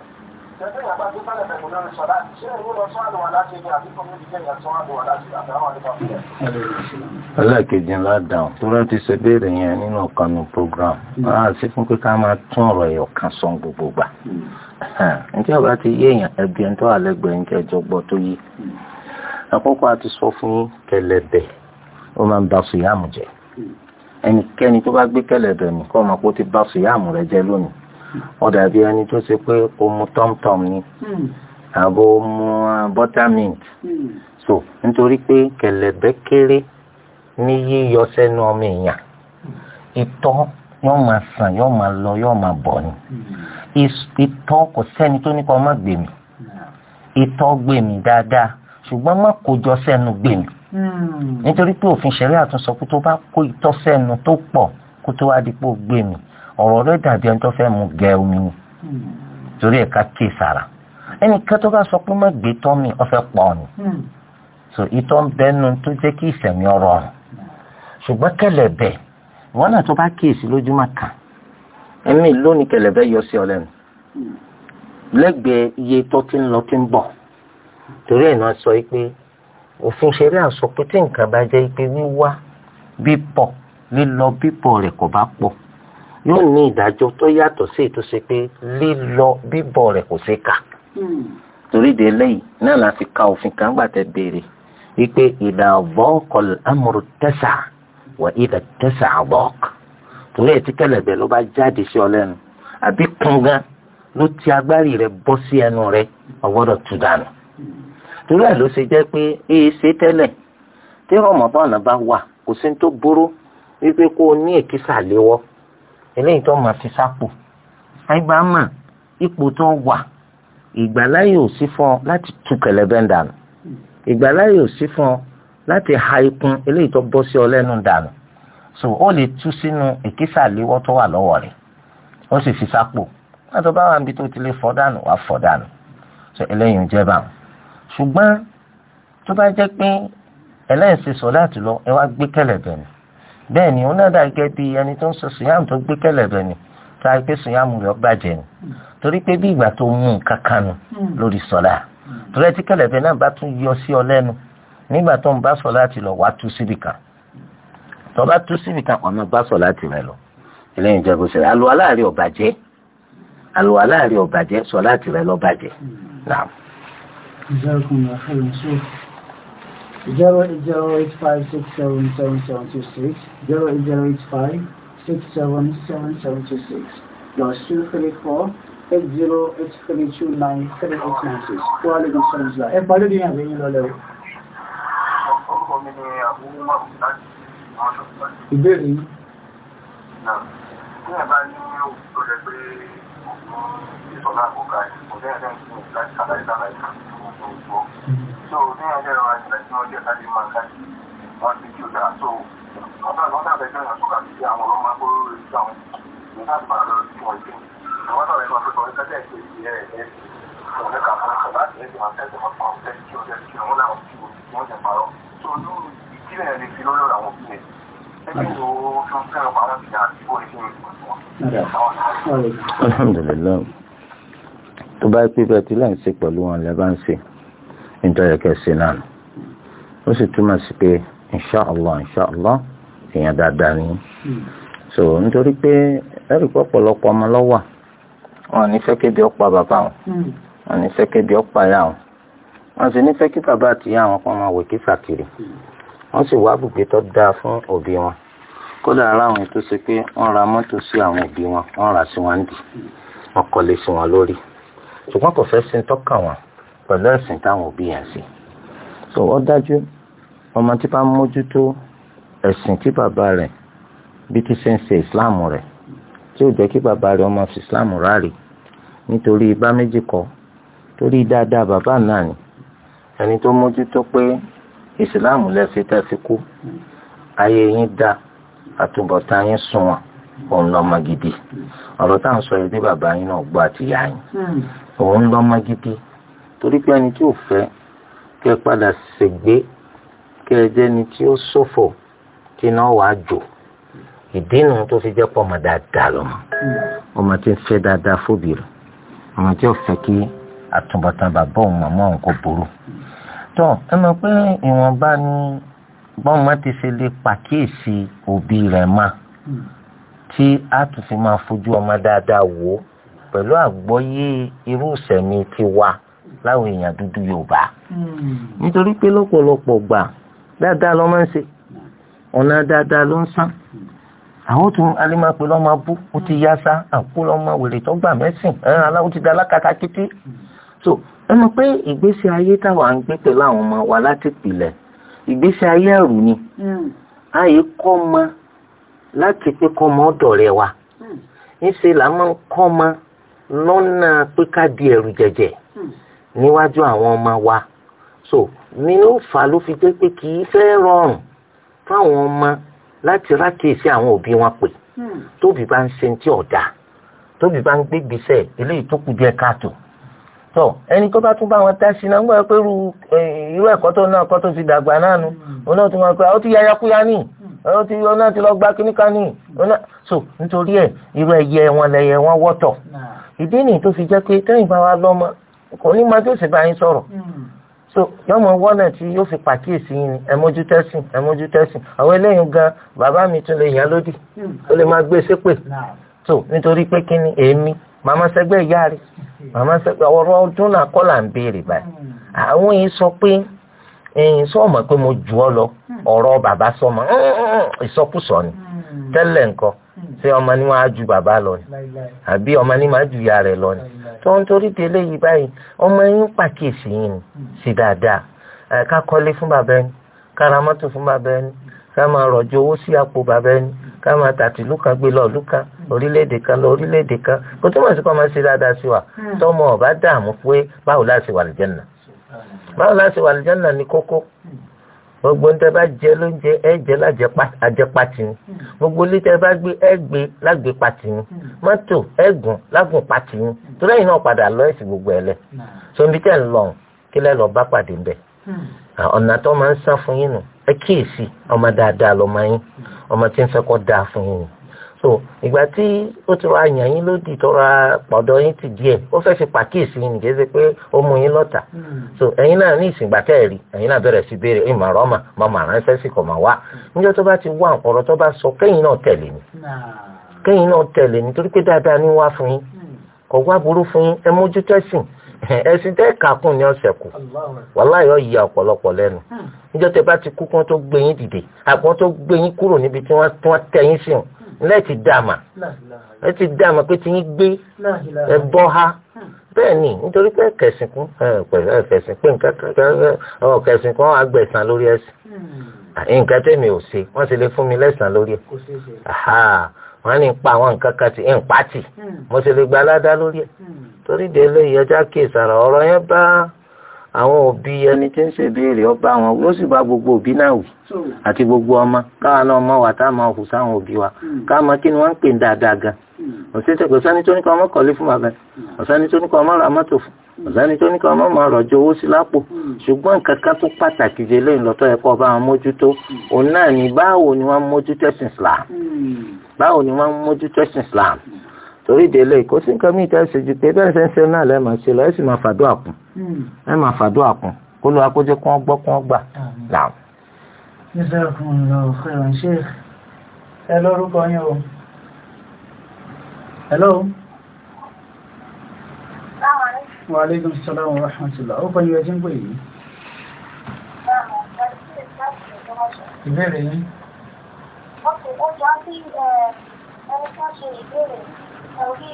tẹ́tẹ́ yàgbá tó bá lẹ̀bẹ̀ múná ní sọ̀dá ṣé èyí lọ sọ́ọ̀lù wà láti ibi àbíkọ́ méjì jẹ́ ìyà sọ́ọ̀lù wà láti àtàwọn àdìbà fúnlẹ̀. ẹlẹ́ẹ̀kejì ńlá dáhùn tó rántí ṣe béèrè yẹn nínú ọ̀kanú program máa ṣe fún pé ká máa tún ọ̀rọ̀ ẹ̀yọ̀ kan sọ gbogbo gbà ǹjẹ́ ọba ti yé èèyàn ẹbí ẹni tó wà lẹ́gbẹ̀ẹ́ ń jẹ́jọ́ gbọ́ tó yé àkọ́kọ́ àti sọ fún kẹlẹ̀bẹ̀ ó máa ń ba sùyàmù jẹ ẹnikẹ́ni tó bá gbé kẹlẹ̀bẹ̀ nìkan ọmọ pé ó ti ba sùyàmù rẹ̀ jẹ lónìí ó dàbí ẹni tó ṣe pé ó mu tọ́mtọ́m ni hmm. àbò mu uh, buttermint hmm. so nítorí pé kẹ̀lẹ̀bẹ̀ kéré ní yíyọ sẹ́nu ọmọ èèyàn ìtọ́ yóò máa sàn yóò máa lọ yóò máa bọ̀ ni hmm. ìtọ́ kò sẹ́ni tó ní kó má gbèmí ìtọ́ gbèmí dáadáa ṣùgbọ́n má kójọ sẹ́nu gbèmí nítorí pé òfin ṣẹ̀rí àtúnṣọ pé tó bá kó ìtọ́ sẹ́nu tó pọ̀ kó tó wá dípò gbèmí ọ̀rọ̀ rẹ̀ dàbí ẹni tó fẹ́ mu gẹ omi ni torí ẹ̀ ká kí sara ẹnì kan tó bá sọ pé má gbé tọ́ mi ọ fẹ́ pọ̀ ni hmm. so ìtọ́ ń bẹnu tó jẹ́ kí ìsẹ̀mí ọrọ̀ ọ̀rùn ṣùgbọ́n kẹlẹ̀bẹ̀ wọn náà tó bá kíyèsí lójúmọ́ kan ẹ̀mí lónìí kẹlẹ̀bẹ̀ yọ sí ọ lẹ́nu lẹ́gbẹ̀ẹ́ iye tó ti ń lọ ti ń bọ̀ torí ẹ̀ náà sọ pé òfin ṣeré àsọ tí nǹkan bá jẹ́ pé wíwá bípọ̀ lílọ bípọ̀ rẹ̀ kò bá pọ̀ yóò ní ìdájọ́ tó yàtọ̀ sí ètò ṣe pé lílọ bíbọ̀ rẹ̀ kò ṣe kà hmm. torí de lẹ́yìn náà la fi ka òfin kan gbà tẹ béèrè wípé ìdá vọ́ọ̀kọ̀l amúrú tẹ́sà wà ìdá tẹ́sà vọ́ọ̀k torí ẹtí kẹlẹ̀bẹ̀ ló bá jáde sí ọ lẹ́nu àbí kùngan ló ti agbárí rẹ̀ bọ́ sí ẹnu rẹ̀ ọgbọ́dọ̀ tú dànù torí ẹ̀ ló ṣe jẹ́ pé èyí ṣe tẹ́lẹ̀ tí rọmọbọ́ọ̀nà bá wà kò sí ní tó burú wípé kó o ní èkísà léwọ́ eléyìí tó máa fi sápò àìgbà mà ipò tó wà ìgbàláyè ò sí fún ọ láti tú kẹlẹbẹ ń dànù ìgbàláyè ò sí fún ọ láti ha ikun eléyìí tó bọ́ sí ọ lẹ́nu dànù so ó lè tú sínú ìkísàléwọ́ tó wà lọ́wọ́ rẹ̀ ó sì fi sápò wọn tó bá wà níbi tó ti lè fọ́ dànù wà fọ́ dànù so eléyìí ń jẹ́ báwọn ṣùgbọ́n tó bá jẹ́ pé ẹlẹ́yìn ṣe sọ láti lọ ẹ wá gbé kẹlẹ̀bẹ̀ ni bẹ́ẹ̀ ni ó náà dà gẹ́gẹ́ bí ẹni tó ń sọ sùyàmù tó gbé kẹ̀lẹ̀bẹ̀ ni tá a gbé sùyàmù rẹ̀ bàjẹ́ ni torí pé bí ìgbà tó mú nǹkan kanu hmm. lórí sọ̀lá torí ẹtí kẹ̀lẹ̀bẹ̀ náà bá tún yọ sí ọ lẹ́nu nígbà tó ń bá sọ̀lá ti lọ wá tú síbì kan tó bá tú síbì kan ọ̀nà bá sọ̀lá ti rẹ̀ lọ eléyìí jẹ́ bó ṣe àlùwàlá rẹ̀ ò bàjẹ́ àlùwàlá rẹ̀ ò bàjẹ́ sọ̀lá lọ bàjẹ́. Hmm. 08085677726, 08085677726, plus 234 8083293896. Wa alaikum salam sila. Ẹ pàdé ní àbí yín lọ́lẹ́ o. Ìbéèrè yìí. Náà, ní ẹ̀bá ní òkú rẹ̀ pé ìsọ̀lá àkókò àìsàn, kò ní ẹ̀dẹ́ ìsìn láti kàlàyé lára ìsàn tó gbọ́ so ní ọjọ́ ìrọ̀ àti ìgbàgbọ́ ọjọ́ ìtàdé máa ká sí wọn ti jù dáa so ọ̀tá àwọn ọ̀tá àbẹ̀jọ́ ìyàn sọ́kà sí àwọn ọmọ akóró rẹ̀ sí àwọn nígbà tó máa lọ sí wọn ìpín àwọn ọ̀tá àbẹ̀jọ́ ìfẹ́ sọ̀rọ̀ kẹ́tẹ́ ìpè sí ẹ̀ ẹ̀ fún ọjọ́ kà fún ọ̀tá àti ẹ̀jẹ̀ máa tẹ́sẹ̀ máa pàrọ̀ tẹ́sí kí ọjọ́ kí wọ́n láwọn tí wọ́n jẹ pàrọ̀ so ní ìkílẹ̀ yẹn lè fi lórí ọ̀rọ̀ àwọn òbí yẹn Alhamdulillah. Tó bá pípẹ́ tí láì ṣe pẹ̀lú wọn lẹ́bàá ń ṣe nítorí kẹsì náà ó sì túmọ̀ sí pé inṣàlá inṣàlá èèyàn dáadáa ni so nítorí pé ẹ̀rí pọ̀pọ̀lọpọ̀ ọmọ lọ́wọ́ wọn ní fẹ́ kébi ọ̀pá bàbá wọn wọn ní fẹ́ kébi ọ̀pá yá wọn wọn sì ní fẹ́ kí bàbá àti yá wọn kan máa wò kí sàkiri wọn sì wá bùgbé tó dáa fún òbí wọn kódà ara àwọn tó ṣe pé wọ́n ra mọ́tò sí àwọn òbí wọn wọ́n rà sí wọn dì wọ́n kọ́lé sí wọn lórí ṣùgbọ́n kò fẹ́ sí tọ́ka wọn pẹ̀lú ẹ̀sìn táwọn òbí yẹn sí so ó dájú ọmọ tí bá ń mójútó ẹ̀sìn tí bàbá rẹ̀ bí ti ṣe ń ṣe islam rẹ̀ tí ó jẹ́ kí bàbá rẹ̀ ọmọ fi islam ráre nítorí bá méjì kọ́ torí dáadáa bàbá náà ni ẹni tó mójútó pé islam lẹ́sìn tẹ́ fi kú ayé yín dáa àtúbọ̀tán yín sunwọ̀n òun lọ́mọ gidi ọ̀rọ̀ táwọn sọ yìí bí bàbá yín náà gbọ́ àtìyá yín hmm. òun lọ́mọ gidi torí pé ẹni tí ò fẹ́ kẹ́ padà ṣègbé kẹ́ ẹ jẹ́ ẹni tí ó ṣòfò tí iná wàá jò ìdí nu tó fi jẹ́ pọ̀ ọmọ dáadáa lọ́mọ ọmọ tí ń fẹ́ dáadáa fóbì rẹ̀ ọmọ tí ó fẹ́ kí àtúbọ̀tán bàbá òun màmá òun kò burú. tó ẹ mọ̀ pé ìwọ̀nba ni bọ́ọ̀mọ́ ti ṣe lè pàkíyèsí òbí rẹ̀ mà tí a tún fi máa fojú ọmọ dáadáa wò pẹ̀lú àgbọ́yé irú ìṣẹ̀mí ti wa láwọn èèyàn dúdú yorùbá hmm. nítorí pé lọ́pọ̀lọpọ̀ gbà dáadáa ló máa ń ṣe ọ̀nà dáadáa ló ń sán àwọn tún alimapẹ lọ́mọ abú ó ti yá sá àpò lọ́mọ wèrè tó gbà mẹ́sìn ẹ̀rọ aláwọ̀ ti da alákatá kété so ẹnu pé ìgbésí ayé táwa ń gbé pẹ̀lú àwọn ọmọ wa láti pìlẹ̀ ìgbésí ayé ẹ̀rù ni ààyè hmm. kọ́ ọmọ láti pé kọ́ ọmọ ọ̀dọ̀ rẹ wa ńṣe hmm. là máa ń kọ́ ọmọ lọ́nà pé ká di ẹ̀rù jẹ̀jẹ̀ níwájú àwọn ọmọ wa so nínú fà ló fi jẹ́ pé kì í fẹ́ rọrùn fáwọn ọmọ láti rákèsí àwọn òbí wọn pè hmm. tóbi bá ń ṣe ti ọ̀dà tóbi bá ń gbégbèsè eléyìí tó kù díẹ̀ káàtó tọ ẹni tó bá tún bá wọn tẹ́sí náà ń gbọ́ pé irú ẹ̀kọ́ tó náà kọ́ tó fi dàgbà náà nu hmm. òun náà tún wọn pé ó ti yáyá kúyá nìyí ọ̀rọ̀ hmm. tí ọ̀nà ti lọ gbá kíní kan ní ọ̀nà so nítorí ẹ̀ irú ẹyẹ wọn lẹyẹ wọn wọ́tọ̀ ìdí nìyí tó fi jẹ́ pé tẹ́yìn bá wa lọ́mọ kò ní máa tó sì bá yín sọ̀rọ̀ hmm. so yọmọ wọnà tí yóò fi pàkíyèsí yín ni ẹmójútẹ́sìn ẹmójútẹ́sìn àwọn eléyìí gan bàbá mi tún lè yá lódì hmm. ó lè máa gbé sépè so nítorí pé kí ni èmi màmá sẹgbẹ́ ìyá rẹ̀ hmm. màmá sẹgbẹ́ ọ̀rọ̀ ọdún náà kọ́ là ń béèrè báyìí àwọn yìí sọ pé ẹyin sọmọ pé mo jù ọ lọ ọ̀rọ̀ bàbá sọmọ ìsọkúsọ ni tẹ́lẹ̀ nǹkan Hmm. ṣé ọmọ ni wọ́n á ju bàbá lọ ni àbí ọmọ ni wọ́n á ju ìyá rẹ̀ lọ ni tó ń torí délé yìí báyìí ọmọ yín pàkíyèsí yìí ni sí hmm. dáadáa ká kọ́lé fún bàbá ẹni ká ra mọ́tò fún bàbá ẹni ká máa rọ̀jò owó sí àpò bàbá ẹni ká máa tàtí lúkà gbé lọ lúkà orílẹ̀-èdè kan lọ orílẹ̀-èdè kan kò túmọ̀ sí kọ́ máa ṣe dáadáa sí wa hmm. tọ́mọ ọ̀bá dààmú pé báwo láti wà lìjẹ́nà báwo láti wà lìjẹ́nà ni kókó gbogbo ń tẹ́ bá jẹ lóúnjẹ ẹ jẹ lájẹpàtì ni hmm. gbogbo ilé tẹ́ bá gbé ẹ gbé lágbé pàtì ni hmm. mọ́tò ẹ gùn lágùn pàtì ni hmm. torí ẹ̀yin náà padà lọ ẹ̀sìn gbogbo ẹ̀ lẹ̀ so níbi tẹ́ ń lọ kí lẹ́ lọ bá pàdé ń bẹ̀ ọ̀nà tó máa ń sá fún yín nù ẹ kíyèsí ọmọ dáadáa lọ́mọ yín ọmọ tí ń fẹ́ kọ́ dáa fún yín nù. so ìgbà tí ó ti wá yàn yín lódì tọrọ pọ̀dọ̀ yín ti díẹ̀ ó fẹ́ fi pàkíyèsí yín nìjẹ́ sẹ́ pé ó mú hmm. so ẹ̀yin náà ní ìsìngbà tẹ́ẹ̀rí ẹ̀yin náà bẹ̀rẹ̀ sí béèrè ìmọ̀ ọ̀rọ̀ mà ránṣẹ́ kọ̀ hmm. ti wá ọ̀rọ̀ tó bá sọ kẹ́yìn náà tẹ̀lé ni kẹ́yìn náà tẹ̀lé ni torí pé dáadáa ní wá fún yín hmm. kọ̀ wá burú fún yín ẹ ẹ̀sìn ni ọ̀sẹ̀ kù wàláhì yóò ọ̀pọ̀lọpọ̀ lẹ́nu níjọ́ bá ti kú kí wọ́n tó gbé yín dìde tó gbé yín kúrò níbi tí wọ́n tẹ́ yín sí lẹ́ẹ̀tì dàmà lẹ́ẹ̀tì dàmà pé ti ń gbé ẹ bọ́ ha hmm. bẹ́ẹ̀ ni nítorí pé kẹ̀sìn kún kẹ̀sìn pé nǹkan kẹ̀sìn kún agbẹ̀sán lórí ẹ̀sìn hmm. nǹkan tẹ̀mí ò ṣe wọ́n ti lè fún mi lẹ́sàn lórí ẹ̀ wọ́n ní pa àwọn nǹkan kan ti ń pàtì hmm. mo ti lè gba aládá lórí ẹ̀ torí délé ìyẹn já kí ìsàrà ọ̀rọ̀ yẹn bá. àwọn òbí ẹni tí ń ṣèbéèrè ọba àwọn yóò sì bá gbogbo òbí náà wù àti gbogbo ọmọ káwa náà mọ wà tá a máa hù sáwọn òbí wa hmm. káwa máa kí ni wọ́n ń pè ní dáadáa gan ọ̀sẹ́ni hmm. tó ní kọ́ ọmọ kọ́lé fún bàbá ọ̀sẹ́ni hmm. tó ní kọ́ ọmọ ra mọ́tò fún ọ̀sẹ́ni tó ní kọ́ ọmọ máa rọ̀jò owó sí lápò ṣùgbọ́n nǹkan tó pàtàkì jẹ lẹ́yìn lọ́tọ́ ẹ̀kọ́ bá wọn mójútó òun náà ni báwo ni wọ́n mójútó ẹ̀sìn Islam báwo ni wọ́n mójútó ẹ̀sìn Islam torí délé kò sí nǹkan mí ìtẹ́sí ju pé bẹ́ẹ̀ ṣe ń ṣe náà lẹ́ẹ̀mọ̀ ṣe lọ ẹ sì máa fàdó àkùn hmm. ẹ máa fàdó àkùn kó ló akójọ kí wọ́n gbọ́ kí wọ́n gbà làwọn. nígbà fún un lọ fẹ́ràn ṣe ẹ lórúkọ yín o. hello. wa aleykum salaam wa rahmatulah ó ni ẹ ti ń pè yìí. ìbéèrè yín. ọkùnrin ó jọ sí eh, ẹni tó ṣe ìbéèrè yìí orí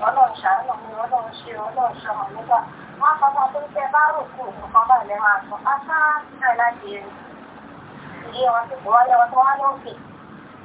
ọlọ́run ṣàánú mi ọlọ́run ṣe ọlọ́run ṣọmọ nígbà wọ́n sọ fún pé tẹ bá rò kó nǹkan bá lẹ́ máa sọ á sáà láti rí ilé wọn ti bọ́ wáyé wọn tó wá lókè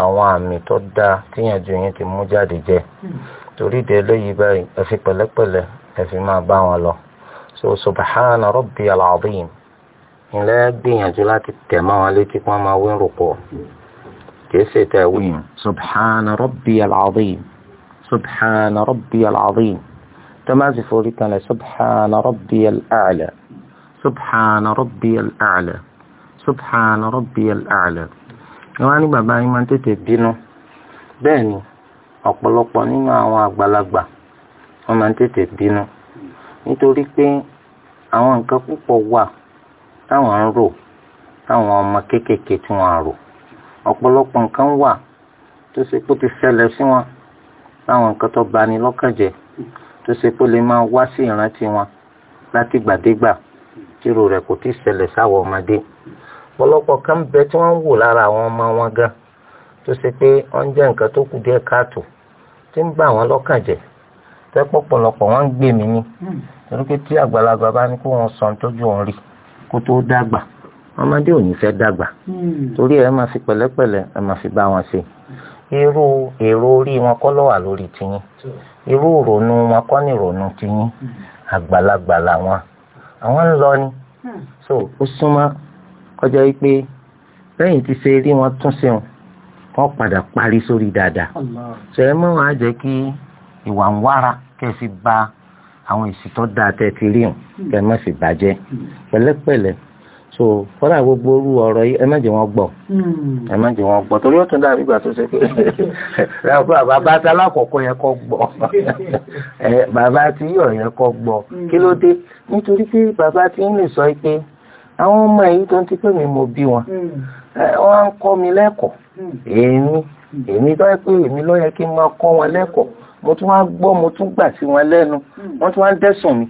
àwọn àmì tó dá tíyànjú yín ti mú jáde jẹ torí de eléyìí báyìí ẹ fi pẹ̀lẹ́pẹ̀lẹ́ ẹ fi máa bá wọn lọ so subahana rọbì aláàbìyìn ilẹ̀ gbìyànjú láti tẹ̀ mọ́ wọn létí kí wọ́n máa wí rúpọ̀ kìí ṣe tẹ̀ wí. subhana rabbi al-azim subhana rabbi al-azim forí kan lẹ̀ subahana rọbì al subahana rọbì rabbi subahana rọbì subhana wọ́n á ní bàbá yín máa ń tètè bínú bẹ́ẹ̀ ni ọ̀pọ̀lọpọ̀ nínú àwọn àgbàlagbà wọ́n máa ń tètè bínú nítorí pé àwọn nǹkan púpọ̀ wà táwọn ń rò táwọn ọmọ kéékèèké tí wọ́n á rò ọ̀pọ̀lọpọ̀ nǹkan wà tó ṣe pé ó ti ṣẹlẹ̀ sí wọn táwọn nǹkan tó bani lọ́kàn jẹ́ tó ṣe pé lè máa wá sí ìrántí wọn látìgbàdégbà tírò rẹ̀ kò tí ì ṣẹlẹ̀ ọmọdé ọ̀pọ̀lọpọ̀ kan bẹ tí wọ́n ń wò lára àwọn ọmọ wọn gan tó ṣe pé wọ́n jẹ́ nǹkan tó kù díẹ̀ káàtó tí ń bà wọ́n lọ́kàn jẹ́ tẹ́pọ̀ pọ̀lọpọ̀ wọ́n ń gbè mí ní torí pé tí àgbàlagbà bá ní kó wọn sọ tójú òun rí kó tó dàgbà ọmọdé ò ní fẹ́ dàgbà hmm. torí ẹ máa fi pẹ̀lẹ́pẹ̀lẹ́ ẹ máa fi bá wọn ṣe irú èrò orí wọn kọ́ ló wà lórí tiyín irú ìrònú wọn kọ́ ní ìrònú tiyín hmm. àgbàlagbà làwọn àwọn ń lọ ni hmm. so ó súnmọ́ kọjá wípé lẹ́yìn tí ṣe rí wọn tún ṣeun wọ́n padà parí sórí dáadáa sọ ẹ mọ́ wọn á jẹ́ kí ìwà ń wára kẹ́sì ba àwọn èsì tó dáa tẹ́ ti rí hàn hmm. kẹ́ sì bàjẹ́ hmm. pẹ̀lẹ́pẹ̀lẹ́ so fọlá gbogbo orú ọ̀rọ̀ yìí ẹ má jẹ́ wọn gbọ́ hmm. ẹ má jẹ́ wọn gbọ́ torí ó tún dàbí ìgbà tó ṣe pé bàbá tí alákọ̀ọ́kọ́ yẹ kọ́ gbọ́ bàbá tí yọ̀ yẹ kọ́ gbọ́ kí ló dé nítorí pé bàbá tí ń lè sọ pé àwọn ọmọ èyí tó ń ti pé mi mo bí wọn hmm. wọ́n ń kọ́ mi lẹ́kọ̀ọ́ hmm. èmi èmi tó yẹ pé èmi ló yẹ kí n máa kọ́ wọn lẹ́kọ̀ọ́ mo tún wá gbọ́ mo tún gbà sí wọn lẹ́nu hmm. wọ́n tún wá ń dẹ́sùn mi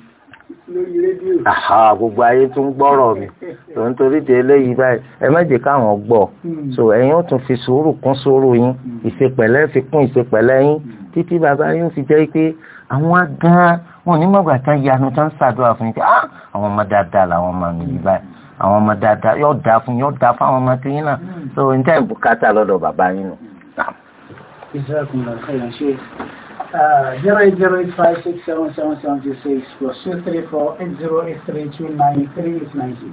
gbogbo ayé tún gbọ́rọ̀ mi tó ń torí de eléyìí báyìí ẹ má jẹ́ káwọn gbọ́ so ẹ̀yin ó tún fi sùúrù kún sùúrù yín ìṣepẹ̀lẹ́ fi kún ìṣepẹ̀lẹ́ yín títí bàbá yín fi jẹ́ pé àwọn gan wọn onímọ̀gbà tán yanu tán ṣàdúrà fún yín pé ah àwọn ọmọ dáadáa làwọn máa mi yìí báyìí àwọn ọmọ dáadáa yóò dáa fún yóò dáa fún àwọn ọmọ tó yín náà so n tẹ́ bùkátà lọ́dọ̀ bàbá yín nù. Uh, zero eight zero eight five six seven seven seven two six plus two three four eight zero eight three two nine three eight nine six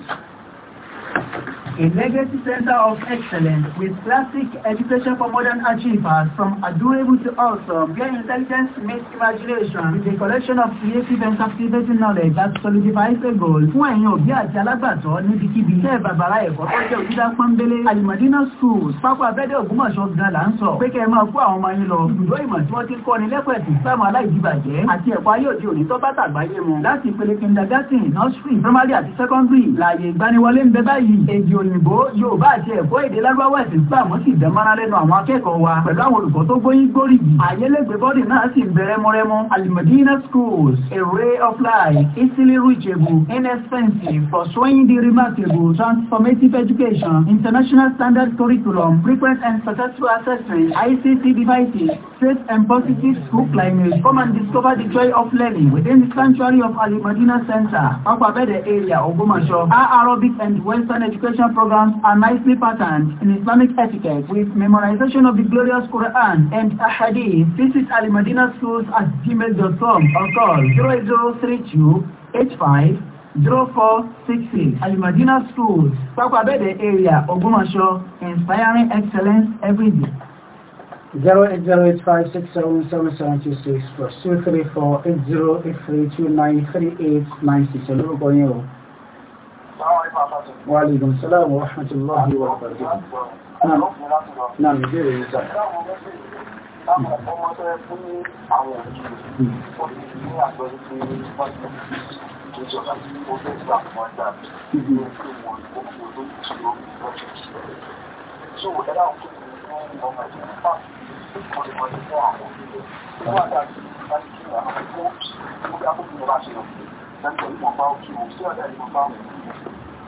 a legacy center of excellence with classic education for modern achievers from adorable to awesome where intelligence meets imagination with a collection of creative and captivating knowledge that solidifies the goal fún ẹ̀yin òbí àti alágbàtọ́ níbikíbi iṣẹ́ bàbàrà ẹ̀kọ́ tó jẹ́ òjúdá pọ́nbélé alimadina schools pápá abẹ́dẹ̀ ògbómọ̀ṣọ́ gan la ń sọ pé kẹ́ ẹ máa kó àwọn ọmọ yín lọ ibùdó ìmọ̀ tí wọ́n ti ń kọ́ni lẹ́kọ̀ọ́ ẹ̀sìn sáàmù aláìdíbàjẹ́ àti ẹ̀kọ́ ayé òde òní tó bá tàgbáyé mu láti ìpele kindergarten nursery primary àti secondary láàyè ìgbaniwọlé ń òyìnbó yorùbá àti ẹ̀kọ́ èdè lárúbáwá ẹ̀sìn gbà wọ́n sì dẹ́mọ́ra lẹ́nu àwọn akẹ́kọ̀ọ́ wa pẹ̀lú àwọn olùkọ́ tó gbóyìn gbóríyìn àyẹlẹ́gbẹ́ bọ́dì náà sì ń bẹ̀rẹ̀ mọ́rẹ́mọ́ alimadina schools a ray of light easily reachable inexpensive for showing the remarkable transformative education international standard curriculum frequent and successful assessment ICC devices safe and positive school climate come and discover the joy of learning within the sanctuary of alimadina center ọ̀pọ̀ abẹ́dẹ̀ area Ògbómọ̀ṣọ́ our Arabic and Western education programs are nicely patterned in Islamic etiquette with memorization of the glorious Quran and This is Ali Madina Schools at gmail.com or call 0032 85 0466 Ali Madina Schools, Pakwabede area, Ogumasho, inspiring excellence every day. 08085677726 plus 234 8083293896 olórúkọ yín o Wa alaikum salaam wa rahmatullahi wa barakatuh. Náà mi bèèrè ní sáà. Ọmọ tó ẹ fún àwọn òjì ní àjọ ìpé pàtàkì ìjọba tí ó fẹ́ sí àwọn ọjà ní ọjọ́ ìwọ̀n ìgbókùn olóòtú lọ́jọ́ ìṣẹ́lẹ̀. Ṣé ò dára òkú ní ọmọ ìjọba pàtàkì ìkọlùmọ̀ ní fún àwọn òjì láti ọ̀rí mọ̀pá òkè òun sí ọ̀dà ìmọ̀pá òkè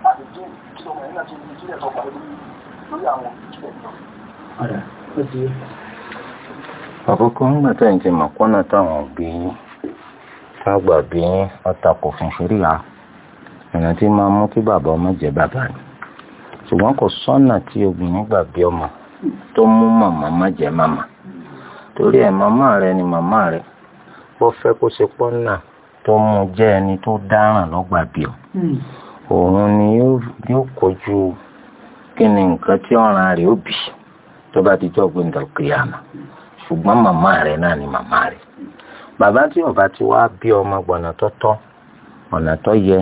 òun àti jẹ́ ìṣọ̀mọ̀ ẹ̀yìn àti ìjìnlẹ̀ tó parí lórí àwọn ìjìnlẹ̀ náà. ọ̀dà ó ti yé àkọ́kọ́ nígbà tẹ́yìn ti mọ̀ kọ́nà táwọn òbí fágbà bí ọ̀tàkù fún ṣíríà ọ̀nà tí máa mú kí bàbá ọmọ jẹ́ bàbá ni ṣùgbọ́n kò sọ́nà tí obìnrin gbà bí ọmọ tó mú màmá má jẹ́ màmá torí ẹ̀ màmá rẹ ni màmá rẹ bó fẹ́ kó ṣe pọ́nà tó mú jẹ́ ẹni tó dáràn lọ́gbà bí ọ hmm. òun ni yóò kojú kí ni nǹkan tí ọ̀ràn rẹ̀ ó bì tó bá ti jọ́ pé nǹkan kìyàmà ṣùgbọ́n màmá rẹ̀ náà ni màmá rẹ̀ bàbá tí ọba ti wá bí ọmọ gbọ̀nà tó tọ́ ọ̀nà tó yẹ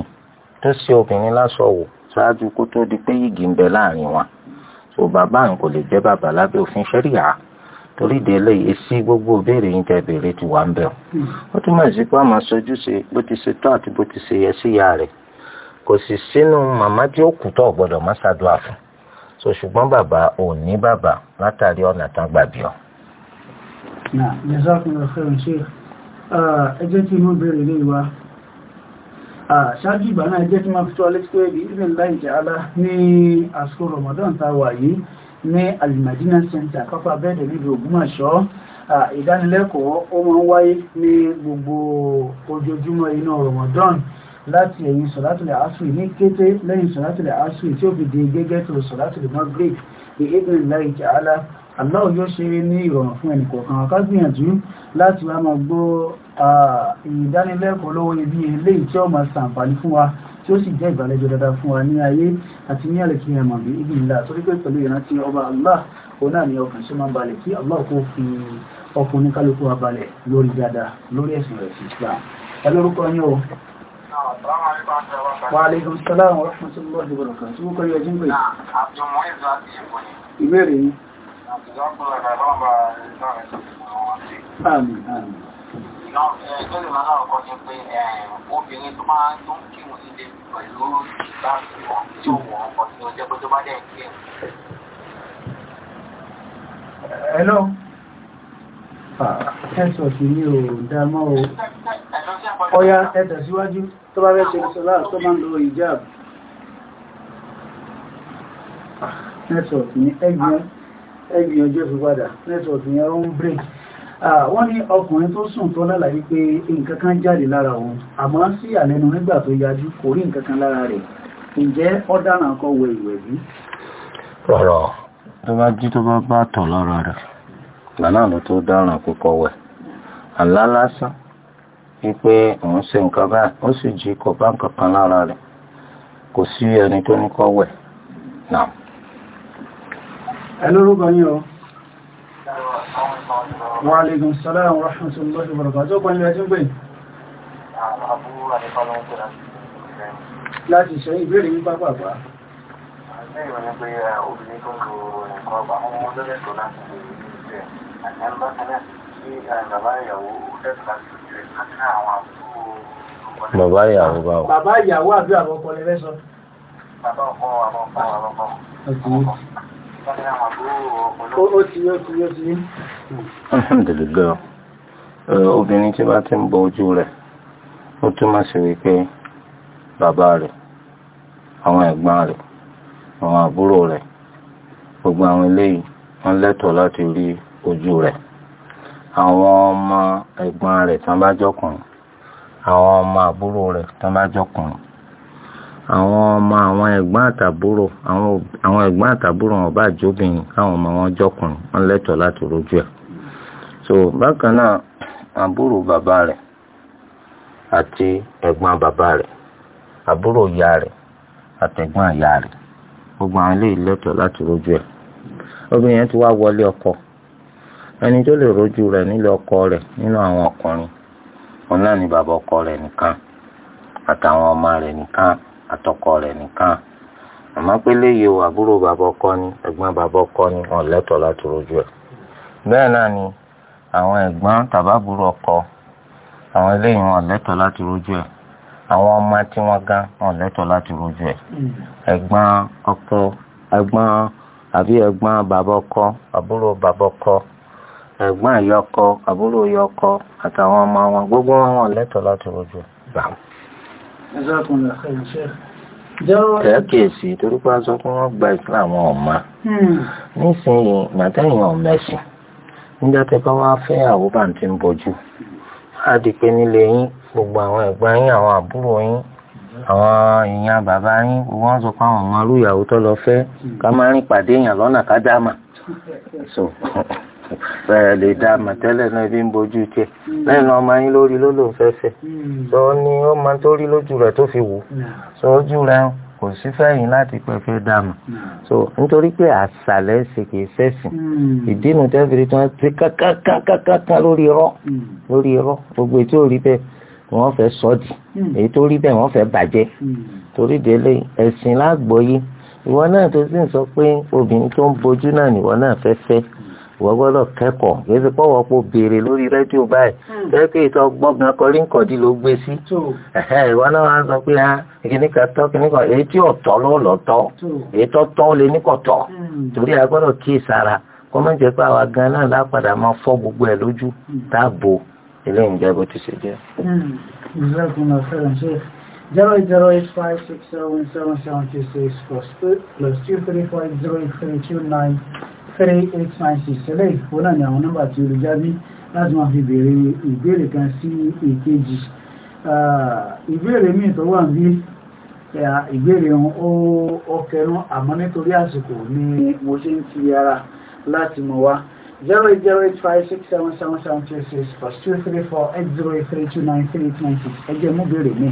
tó ṣe obìnrin lásọ̀wò ṣáájú kó tó di pé yìgì ń bẹ láàrin wa so bàbá n kò lè jẹ́ bàbá lábẹ́ òfin ṣẹ́ríyà torí ìdílé èsì gbogbo òbéèrè yín tẹ́ béèrè ti wà ń bẹ̀ ó túmọ̀ sí pé àmọ́ sojú ṣe bó ti ṣe tọ́ àti bó ti ṣe yẹ síyá rẹ̀ kò sì sínú màmá tí ó kù tó gbọ́dọ̀ má ṣàdúrà fún so ṣùgbọ́n bàbá ò ní bàbá látàrí ọ̀nà tán gbàbí ọ. ẹ jẹ́ kí inú béèrè lè wá ṣáájú ìgbà náà ẹ jẹ́ kí máa fi tó alẹ́ pé ibi ìrìn láì jẹ́ Ramadan tá ní alimadina center kápá bẹ́ẹ̀dẹ̀ níbi ògbómọ̀ṣọ́ ìdánilẹ́kọ̀ọ́ ó máa ń wáyé ní gbogbo ojoojúmọ́ inú ramadan láti ẹ̀yìn sọ̀látìlẹ̀ asùn ní kété lẹ́yìn sọ̀látìlẹ̀ asùn tí ó fi di gẹ́gẹ́ tó sọ̀látìlẹ̀ magrib ní ibn lai jàálá Allah yóò ṣe ní ìrọ̀rùn fún ẹnìkọ̀ọ̀kan ká gbìyànjú láti wá máa gbọ́ ìdánilẹ́kọ̀ọ́ lọ́wọ́ ibi ilé tí ó máa ṣàǹfààní fún wa tí ó sì jẹ́ ìgbàlejò dáadáa fún wa ní ayé àti ní àlèkí ẹ̀mọ̀ bí ibi ńlá torí pé pẹ̀lú ìrántí ọba Allah òun náà ni ọkàn ṣe máa balẹ̀ kí Allah kó fi ọkùn ní kálukú wa balẹ̀ lórí dáadáa lórí ẹ̀sìn rẹ̀ sí Islam ẹ yín o. wa alaikum salaam wa rahmatullahi wa barakatuh tí wọ́n kọ́ yọ ọdún ìbéèrè yìí. Hello, màá náà kọ́ ni pé obìnrin tó máa tó ń kírun sílé pẹ̀lú ìgbàgbọ́ wọn tí ó wọ̀ ọkọ̀ tí ó jẹ́ pé tó bá dẹ̀ kí ẹ̀. Hello. Ẹ̀sọ̀ sí ní ò dámọ́ o. Ọya ẹ̀dẹ̀ síwájú tó bá fẹ́ ṣe sọ́lá tó máa ń lo ìjáàbù. Nẹ́tíwọ̀kì ní ẹgbìyànjú fi padà. Nẹ́tíwọ̀kì yẹn ó ń bírèkì. wọ́n ní ọkùnrin tó sùn tó lálàyé pé nǹkan jáde lára òun àmọ́ sí àlẹ́nu nígbà tó yájú kò rí nǹkan lára rẹ̀ ǹjẹ́ ọ̀daràn kan wẹ ìwẹ̀ bí. rọ̀rọ̀ tó bá jí tó bá bá tọ̀ lára rẹ̀ lànà ló tó dáràn kíkọ wẹ̀ àlá lásán wípé òun ṣe nǹkan báyìí ó sì jí kò bá nǹkan kan lára rẹ̀ kò sí ẹni tó ní kọ́ wẹ̀ náà. ẹ lórúkọ yín o. Wa alaikum salam wa rahmatullahi wa barakatuh. Ọkọ̀ ilẹ̀ tí ń gbé. Láti ṣe ìbéèrè ní pápápá. Bàbá ìyàwó báwo? Bàbá ìyàwó àbí àbọ̀kọ̀ lẹ́fẹ́ sọ. Bàbá ọkọ àbọ̀kọ̀ àbọ̀kọ̀ ó ti yó ti yó ti yó. alhamdulilayi obìnrin tí bá ti ń bọ ojú rẹ̀ ó túmọ̀ sí wípé bàbá rẹ̀ àwọn ẹ̀gbọ́n rẹ̀ àwọn àbúrò rẹ̀ gbogbo àwọn eléyìí wọ́n lẹ́tọ̀ọ́ láti rí ojú rẹ̀ àwọn ọmọ ẹ̀gbọ́n rẹ̀ tán bá jọkùnrin àwọn ọmọ àbúrò rẹ̀ tán bá jọkùnrin àwọn ọmọ àwọn ẹ̀gbọ́n àtàbúrò àwọn ẹ̀gbọ́n àtàbúrò wọn bá jóbìnrin káwọn ọmọ wọn jọkùnrin wọn so bákan náà àbúrò bàbá rẹ̀ àti ẹ̀gbọ́n bàbá rẹ̀ àbúrò ìyá rẹ̀ àtẹ̀gbọ́n ìyá rẹ̀ gbogbo àwọn eléyìí lẹ́tọ̀ọ́ láti rojú ẹ̀ obìnrin ti wá ọkọ ẹni tó lè rojú rẹ̀ nílé ọkọ rẹ̀ nínú àwọn ọkùnrin ni bàbá ọkọ rẹ̀ nìkan àtàwọn ọmọ rẹ̀ àtọkọ rẹ̀ nìkan àmọ́ pé léyìí o àbúrò bàbá ọkọ ni ẹ̀gbọ́n bàbá ọkọ ni wọn lẹ́tọ̀ọ́ láti rojú ẹ̀ bẹ́ẹ̀ náà ni àwọn ẹ̀gbọ́n tàbábùrò ọkọ àwọn eléyìí wọn lẹ́tọ̀ọ́ láti rojú ẹ̀ àwọn ọmọ tí wọ́n gán wọn lẹ́tọ̀ọ́ láti rojú ẹ̀ ẹ̀gbọ́n ọkọ ẹ̀gbọ́n àbí ẹ̀gbọ́n bàbá ọkọ àbúrò bàbá ọkọ ẹ̀gbọ́n ìyọkọ àbúrò ìyọkọ àtàwọn ọmọ wọn gbogbo wọn wọn lẹ́tọ̀ọ́ láti rojú ẹ̀ kẹ́kẹ̀ẹ́sì torípa sọ pé wọ́n gba Islam ọ̀ma hmm. nísìnyí màtẹ́yìn ọ̀mẹ̀sìn nígbà tẹ́ bá wá fẹ́ àwòbá tí ń bọjú á di pé nílé yín gbogbo àwọn ẹ̀gbọ́n yín àwọn àbúrò yín àwọn èèyàn bàbá yín wọ́n sọ pé àwọn ọmọ alúyàwó tó lọ fẹ́ ká má rìn pàdé èèyàn lọ́nà ká dá mà bẹ́ẹ̀ lè dá màtẹ́lẹ̀ náà ibi ń bojú tiẹ̀ lẹ́nu ọmọ yín lórí ló lòún fẹ́fẹ́ hmm. sọ ni ó máa tó rí lójú rẹ̀ tó fi wò hmm. sọ ojú rẹ̀ kò sí fẹ́yìn láti pẹ́fẹ́ dàmú hmm. so nítorí pé àṣàlẹ̀ ṣe kìí sẹ́sìn ìdí nu tẹ́fìrí tí wọ́n ti kákákákáká wọ́n gbọ́dọ̀ kẹ́kọ̀ọ́ kìí ṣe pọ́wọ́ pò béèrè lórí rédíò báyìí lẹ́kẹ́ hmm. ìtọ́ gbọ́ngàn kọrí nǹkan dì ló gbé sí ìwọ náà wá sọ pé kìíní kan tọ́ kìíní kan èyí tí ọ̀tọ̀ ló lọ tọ́ èyí tó tọ́ lé ní kọ̀tọ̀ hmm. torí a gbọ́dọ̀ kí ìsara kọ́ mọ́ jẹ́ pé àwa gan náà lápadà máa fọ́ gbogbo ẹ̀ lójú hmm. táàbò eléyìí ń jẹ́ bó ti ṣe jẹ́. 08085677726 plus 2350832938936 ẹlẹ́ ìfọ́ náà ni àwọn nọ́mbà tí olùjábí láti máa fi bèèrè ìbéèrè kan sí èkejì ah, ìbéèrè míì tó wà ní eh, ìbéèrè ọkẹrún àmọ́ nítorí àsìkò ni mo ṣe ń ti ara láti mọ̀ wá 08085677726 plus 2348032938936 ẹjẹ́ mú bèèrè míì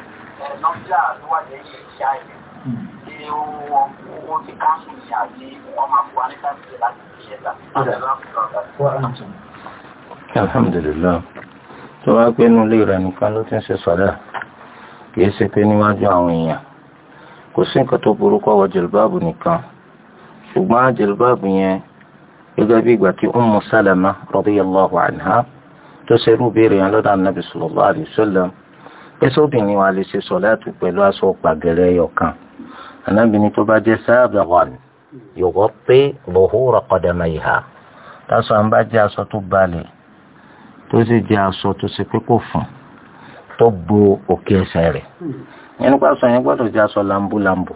nọ́mbà tó wà lẹ́yìn ìṣá ẹ̀ tí owó ti káńsù ní àti wọ́n máa fún wa ní káńsù láti fi ẹ̀dá. Alhamdulillah. Tó wá pé inú ilé rẹ̀ nìkan ló ti ń ṣe sọ̀dá, kìí ṣe pé níwájú àwọn èèyàn. Kò sí nǹkan tó burúkọ wọ jìlbáàbù nìkan, ṣùgbọ́n jìlbáàbù yẹn gẹ́gẹ́ bí ìgbà tí Ummu Salama radiyallahu anha tó ṣerú béèrè yẹn lọ́dọ̀ Annabi sallallahu pẹ́sẹ́ obìnrin wa lè ṣe sọ̀láàtù pẹ̀lú aṣọ pàgẹ́rẹ́ ẹyọkan anábìnrin tó bá jẹ́ sáàbà wà ní yòókọ́ pé lòhùrà kọ́dàmà ìhà táṣọ àwọn bá jẹ́ aṣọ tó balẹ̀ tó sì jẹ́ aṣọ tó ṣe pé kò fún tó bo òkè ẹsẹ̀ rẹ̀ nínú pàṣọ yẹn gbọ́dọ̀ jẹ́ aṣọ lambúlambù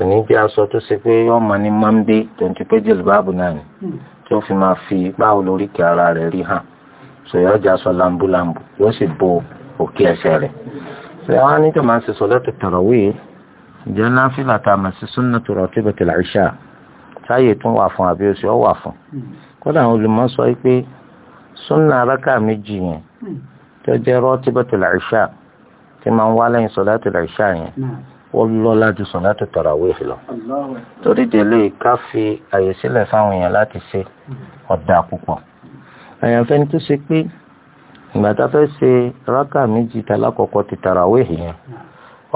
òní jẹ́ aṣọ tó ṣe pé ọmọ ní máa ń dé tó ń náà ni tí ó fi máa fi báwo lóríkì ara rẹ̀ rí hàn sòyọ́jà aṣọ lambúlambù yóò sì bo òkè ẹsẹ̀ rẹ̀ ṣe wọn ní tó máa ń ṣe sọlátù tarawih jẹ́ náfìlà tá a máa ṣe sunnatu ratibatil isha táyé tún wà fún àbí oṣù ọ wà fún kódà àwọn olùmọ̀ sọ pé sunna arákà méjì yẹn tó jẹ́ ratibatil isha tí máa ń wá lẹ́yìn sọlátù isha yẹn wọ́n lọ́lá ju sọlátù tarawih lọ. torí délé ká fi àyè sílẹ̀ fáwọn èèyàn láti ṣe ọ̀dà púpọ̀ àyànfẹ́ni tó ṣe pé ìgbà tá a fẹ́ ṣe rákà méjì tàlákọ̀kọ́ ti tàràwéhì yẹn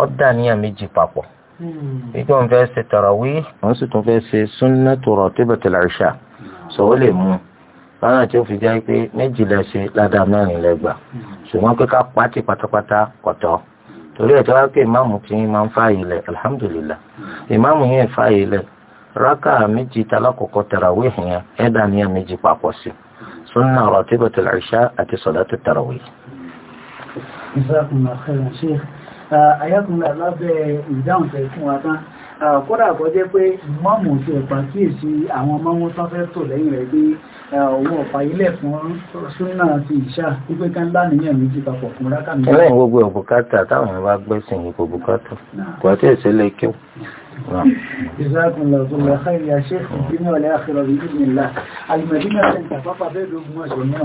ó dà níyàn méjì papọ̀ nígbà hmm. wọn fẹ́ ṣe tàràwí wọn sì tún fẹ́ ṣe súnná tòrọ̀ tíbẹ̀tì làrìṣà sọ ó lè mú lọ́nà tí ó fi jẹ́ pé méjì lẹ ládàá mẹ́rin lẹ́gbà ṣùgbọ́n pé ká pàtì pátápátá kọ̀tọ́ torí ẹ̀ tó wá pé ìmáàmù tí yín máa ń fààyè lẹ̀ alhamdulillah ìmáàmù yẹn fààyè lẹ̀ rákà méjì tàlákọ̀kọ́ tàràwéhì yẹn ẹ̀dà níyàn méjì papọ̀ sí i súnà راتبة العشاء àti salatu tarawih. ìsáàkùnmọ̀ àkẹ́rẹ̀ ṣe àyàkùnmọ̀ lábẹ́ ìdáhùn tẹ̀ fún wa tán kódà kọ́ jẹ́ pé mọ́mù ti ẹ̀pà kí èsì àwọn mọ́mù tó fẹ́ tò lẹ́yìn rẹ̀ bí òun ọ̀pá ilẹ̀ fún súnà àti ìṣà wípé ká ńlá nìyàn méjì papọ̀ fún rákà mi. ẹlẹ́yìn gbogbo táwọn bá gbẹ́sìn ìkòbùkátà kò tí èsì lè نعم. جزاكم الله خير يا شيخ الدنيا والآخرة بإذن الله المدينة انت فقط بدو بموسم